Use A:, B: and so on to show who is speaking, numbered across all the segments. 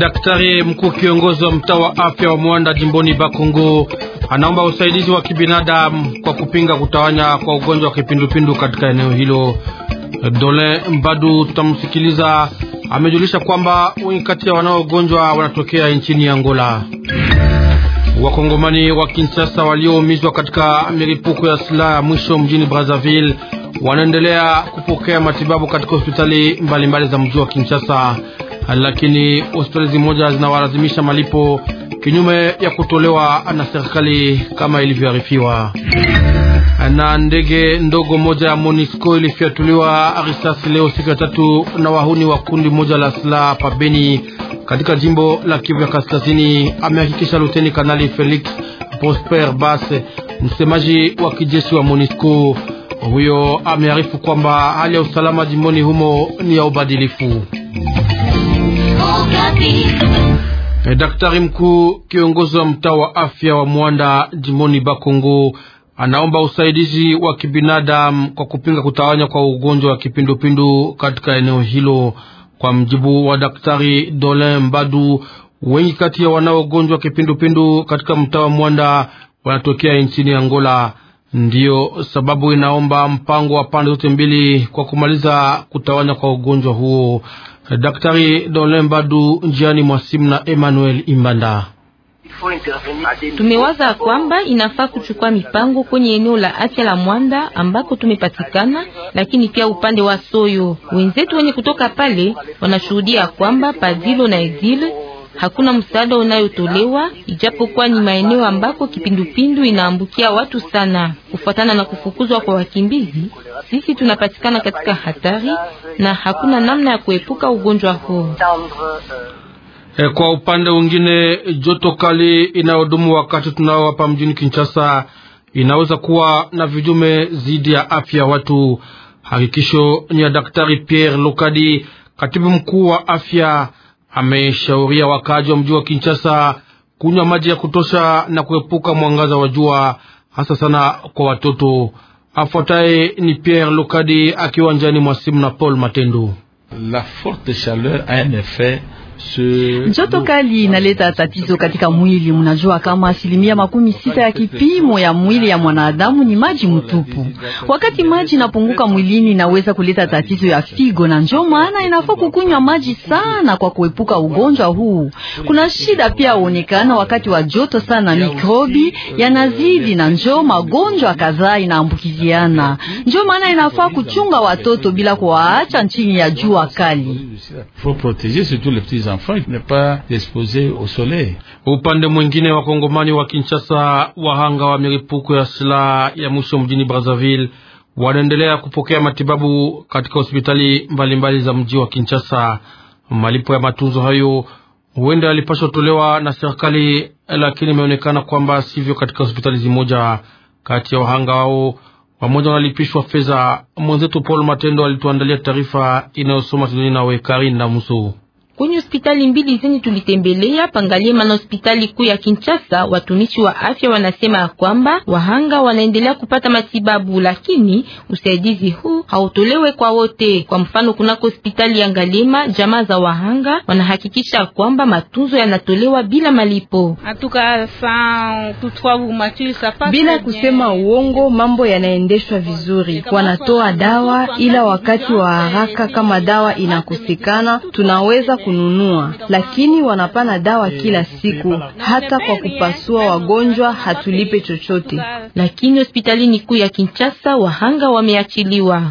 A: Daktari mkuu kiongozi wa mtaa wa afya wa Mwanda jimboni Bakongo anaomba usaidizi wa kibinadamu kwa kupinga kutawanya kwa ugonjwa wa kipindupindu katika eneo hilo. Dole Mbadu tutamsikiliza, amejulisha kwamba wengi kati ya wanaogonjwa wanatokea nchini Angola. Wakongomani wa Kinshasa walioumizwa katika milipuko ya silaha ya mwisho mjini Brazzaville wanaendelea kupokea matibabu katika hospitali mbalimbali za mji wa Kinshasa lakini hospitali moja zinawalazimisha malipo kinyume ya kutolewa na serikali kama ilivyoarifiwa. Na ndege ndogo moja ya Monisco ilifyatuliwa risasi leo siku ya tatu na wahuni wa kundi moja la silaha pabeni katika jimbo la Kivu ya Kaskazini, amehakikisha Luteni Kanali Felix Prosper Base, msemaji wa kijeshi wa Monisco. Huyo amearifu kwamba hali ya usalama jimboni humo ni ya ubadilifu. Eh, daktari mkuu kiongozi wa mtaa wa afya wa Mwanda jimoni Bakongo anaomba usaidizi wa kibinadamu kwa kupinga kutawanya kwa ugonjwa wa kipindupindu katika eneo hilo. Kwa mjibu wa Daktari Dolin Mbadu, wengi kati ya wanaogonjwa kipindupindu katika mtaa wa Mwanda wanatokea nchini Angola. Ndiyo sababu inaomba mpango wa pande zote mbili kwa kumaliza kutawanya kwa ugonjwa huo. Daktari Dolembadu njiani mwasimu na Emmanuel Imbanda
B: tumewaza
C: kwamba inafaa kuchukua mipango kwenye eneo la afya la Mwanda ambako tumepatikana, lakini pia upande wa Soyo. Wenzetu wenye kutoka pale wanashuhudia kwamba Padilo na Exile hakuna msaada unayotolewa, ijapokuwa ni maeneo ambako kipindupindu inaambukia watu sana. Kufuatana na kufukuzwa kwa wakimbizi, sisi tunapatikana katika hatari na hakuna namna ya kuepuka ugonjwa huu.
A: Eh, kwa upande mwingine, joto kali inayodumu wakati tunao hapa mjini Kinshasa inaweza kuwa na vijume zidi ya afya watu. Hakikisho ni ya Daktari Pierre Lokadi, katibu mkuu wa afya ameshauria wakaji wa mji wa Kinshasa kunywa maji ya kutosha na kuepuka mwangaza wa jua hasa sana kwa watoto. Afuataye ni Pierre Lokadi akiwa njani mwa simu na Paul Matendo. La forte chaleur a un effet Joto
B: kali inaleta tatizo katika mwili. Unajua kama asilimia makumi sita ya kipimo ya mwili ya mwanadamu ni maji mtupu. Wakati maji inapunguka mwilini, inaweza kuleta tatizo ya figo, na njo maana inafaa kukunywa maji sana kwa kuepuka ugonjwa huu. Kuna shida pia huonekana wakati wa joto sana, mikrobi yanazidi, na njo magonjwa kadhaa inaambukiziana. njo maana inafaa kuchunga watoto bila kuwaacha chini ya jua kali
A: enfants ne pas exposer au soleil. Upande mwingine, wakongomani wa Kinshasa wahanga wa milipuko ya silaha ya mwisho mjini Brazzaville wanaendelea kupokea matibabu katika hospitali mbalimbali mbali za mji wa Kinshasa. Malipo ya matunzo hayo huenda yalipaswa tolewa na serikali, lakini imeonekana kwamba sivyo katika hospitali zimoja. Kati ya wahanga hao wamoja wanalipishwa fedha. Mwenzetu Paul Matendo alituandalia taarifa inayosoma tudini nawe Karin na Musu.
C: Kwenye hospitali mbili zenye tulitembelea Pangaliema na hospitali kuu ya Kinshasa, watumishi wa afya wanasema ya kwamba wahanga wanaendelea kupata matibabu, lakini usaidizi huu hautolewe kwa wote. Kwa mfano, kunako hospitali ya Ngalema, jamaa za wahanga wanahakikisha kwamba matunzo yanatolewa bila malipo. Bila kusema uongo, mambo yanaendeshwa vizuri, wanatoa dawa, ila wakati wa haraka kama dawa inakosekana, tunaweza ku kununua, lakini wanapana dawa eh, kila eh, siku. Eh, Hata kwa kupasua wagonjwa hatulipe chochote. Lakini hospitalini kuu ya Kinshasa wahanga wameachiliwa.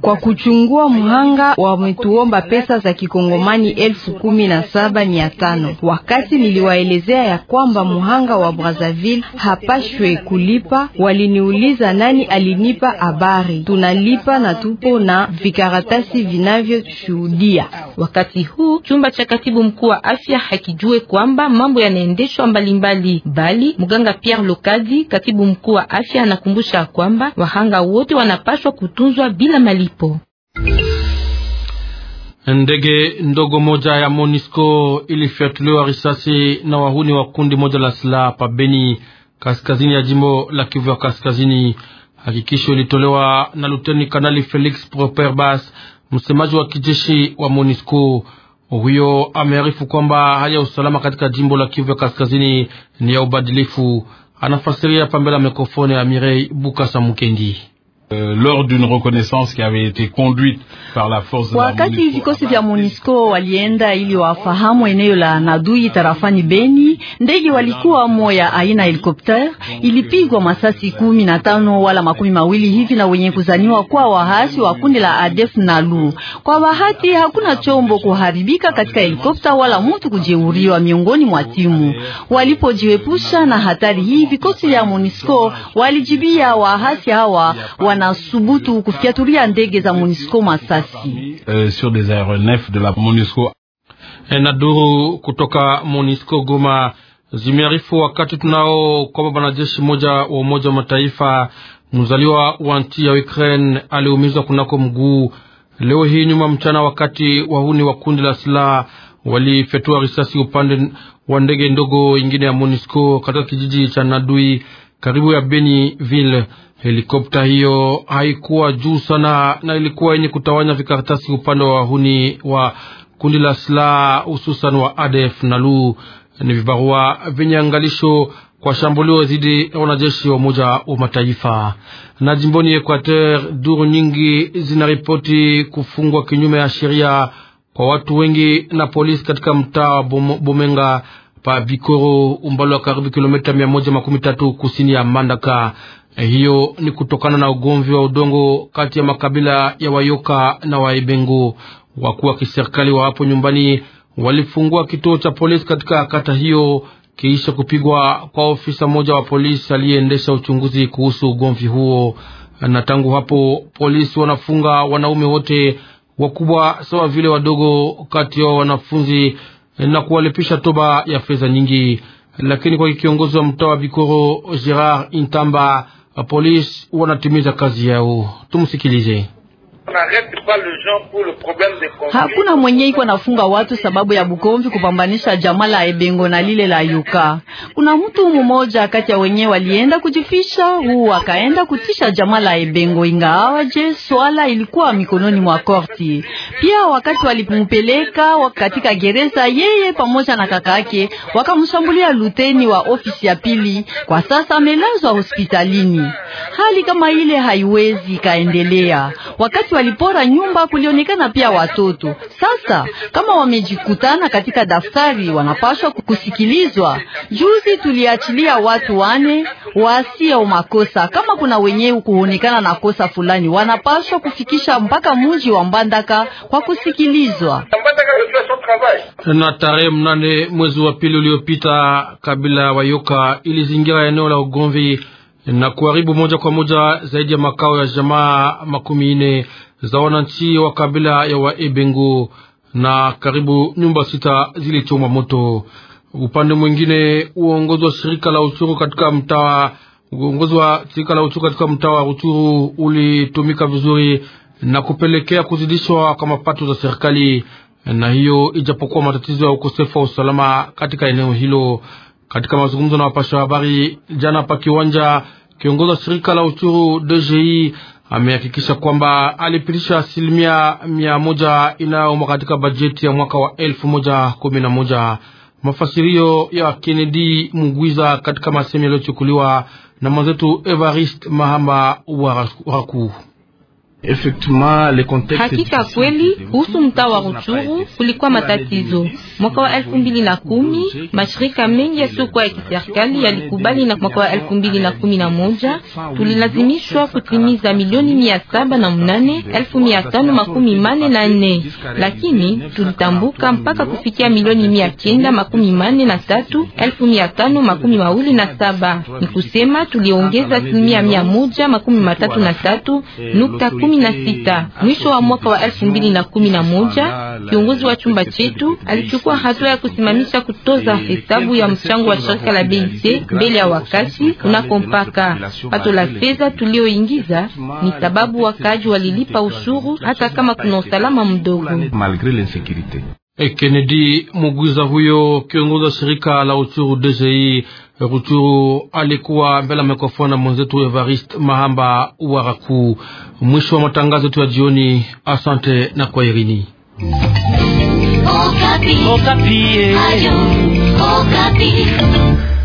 C: Kwa kuchungua mhanga wametuomba pesa za kikongomani elfu kumi na saba mia tano wakati niliwaelezea ya kwamba mhanga wa Brazzaville hapashwe kulipa. Waliniuliza nani alinipa habari, tunalipa na tupo na vikaratasi vinavyoshuhudia. Wakati huu chumba cha katibu mkuu wa afya hakijue kwamba mambo yanaendeshwa mbalimbali, bali mganga Pierre Lokadi, katibu mkuu wa afya, anakumbusha kwamba wahanga wote wanapaswa kutunzwa bila malipo.
A: Ndege ndogo moja ya Monisco ilifyatuliwa risasi na wahuni wa kundi moja la silaha pabeni kaskazini ya jimbo la Kivu ya Kaskazini. Hakikisho ilitolewa na Luteni Kanali Felix Properbas msemaji wa kijeshi wa MONUSCO. Huyo amearifu kwamba hali ya usalama katika jimbo la Kivu ya kaskazini ni ya ubadilifu. Anafasiria pambele ya mikrofoni ya Mirei Bukasa Mukendi. Euh, lors d'une reconnaissance qui avait été conduite par la force wakati
B: vikosi vya MONUSCO walienda ili wafahamu eneo la Nadui tarafani Beni, ndege walikuwa moya aina helikopter ilipigwa masasi kumi na tano wala makumi mawili hivi na wenye kuzaniwa kwa wahasi wa kundi la ADF Nalu. Kwa bahati hakuna chombo kuharibika katika helikopta wala mtu kujeuriwa miongoni mwa timu. Walipojiwepusha na hatari hii, vikosi vya MONUSCO walijibia wahasi hawa anasubutu kufiaturia ndege za MONUSCO Masasi
A: uh, sur des aéronefs de la Na duru kutoka MONUSCO Goma zimearifu wakati tunao kwamba mwanajeshi mmoja wa Umoja wa Mataifa mzaliwa wa nchi ya Ukraine aliumizwa kunako mguu leo hii nyuma mchana, wakati wahuni wa kundi la silaha walifyatua risasi upande wa ndege ndogo ingine ya MONUSCO katika kijiji cha Nadui karibu ya Beni Ville. Helikopta hiyo haikuwa juu sana na ilikuwa yenye kutawanya vikaratasi upande wa wahuni wa kundi la silaha hususan wa ADF Nalu. Ni vibarua vyenye angalisho kwa shambulio dhidi ya wanajeshi wa Umoja wa Mataifa. Na jimboni Equateur, duru nyingi zinaripoti kufungwa kinyume ya sheria kwa watu wengi na polisi katika mtaa wa Bumenga pa Bikoro, umbali wa karibu kilomita mia moja makumi tatu kusini ya Mandaka. Hiyo ni kutokana na ugomvi wa udongo kati ya makabila ya Wayoka na waibengu Wakuu wa kiserikali wa hapo nyumbani walifungua kituo cha polisi katika kata hiyo kiisha kupigwa kwa ofisa mmoja wa polisi aliyeendesha uchunguzi kuhusu ugomvi huo, na tangu hapo polisi wanafunga wanaume wote wakubwa sawa vile wadogo, kati yao wanafunzi na kuwalipisha toba ya fedha nyingi. Lakini kwa kiongozi wa mtaa wa Bikoro Gerard Intamba, polisi wanatimiza kazi yao. Tumsikilize.
B: Hakuna mwenye iko nafunga watu sababu ya bukomvi kupambanisha jamaa la Ebengo na lile la Yuka. Kuna mtu mmoja kati ya wenye walienda kujifisha, huu akaenda kutisha jamaa la Ebengo, ingawaje swala ilikuwa mikononi mwa korti. Pia wakati walimpeleka katika gereza, yeye pamoja na kaka yake wakamshambulia luteni wa ofisi ya pili. Kwa sasa amelazwa hospitalini. Hali kama ile haiwezi ikaendelea wakati walipora nyumba, kulionekana pia watoto. Sasa kama wamejikutana katika daftari, wanapaswa kusikilizwa. Juzi tuliachilia watu wane wasia makosa. Kama kuna wenye kuonekana na kosa fulani, wanapaswa kufikisha mpaka mji wa Mbandaka kwa kusikilizwa.
A: Na tarehe mnane mwezi wa pili uliopita, kabila wayoka ilizingira eneo la ugomvi na kuharibu moja kwa moja zaidi ya makao ya jamaa makumi nne za wananchi wa kabila ya Waebengu na karibu nyumba sita zilichomwa moto. Upande mwingine, uongozi wa shirika la uchuru katika mtaa uongozi wa shirika la uchuru katika mtaa wa Ruchuru ulitumika vizuri na kupelekea kuzidishwa kwa mapato za serikali, na hiyo ijapokuwa matatizo ya ukosefu wa usalama katika eneo hilo. Katika mazungumzo na wapasha wa habari jana pa kiwanja, kiongozi wa shirika la uchuru DGI amehakikisha kwamba alipitisha asilimia mia moja inayomwa katika bajeti ya mwaka wa elfu moja kumi na moja. Mafasirio ya Kennedy Mugwiza katika masemi yaliyochukuliwa na mwenzetu Evarist Mahamba wa Raku. Hakika
C: kweli kuhusu mtaa wa Ruchuru kulikuwa matatizo mwaka wa elfu mbili na kumi. Mashirika mengi yasiyokuwa ya kiserikali yalikubali, na mwaka wa elfu mbili na kumi na moja tulilazimishwa kutimiza milioni mia saba na mnane elfu mia tano makumi mane na nne, lakini tulitambuka mpaka kufikia milioni mia kenda makumi mane na tatu elfu mia tano makumi mawili na saba. Ni kusema tuliongeza asilimia mia moja makumi matatu na tatu nukta kumi kumi na sita. Mwisho wa mwaka wa elfu mbili na kumi na moja kiongozi wa chumba chetu alichukua hatua ya kusimamisha kutoza hesabu ya mchango wa shirika la BIC mbele ya wakati kunako mpaka pato la fedha tulioingiza. Ni sababu wakaaji walilipa ushuru hata kama kuna usalama
A: mdogo. E, Kennedy Muguza huyo kiongozi wa shirika la uchuru DGI Ruchuru alikuwa mbele ya mikrofoni na mwenzetu Evariste Mahamba Waraku. Mwisho wa matangazo yetu ya jioni. Asante na kwaherini. Okapi. Okapi.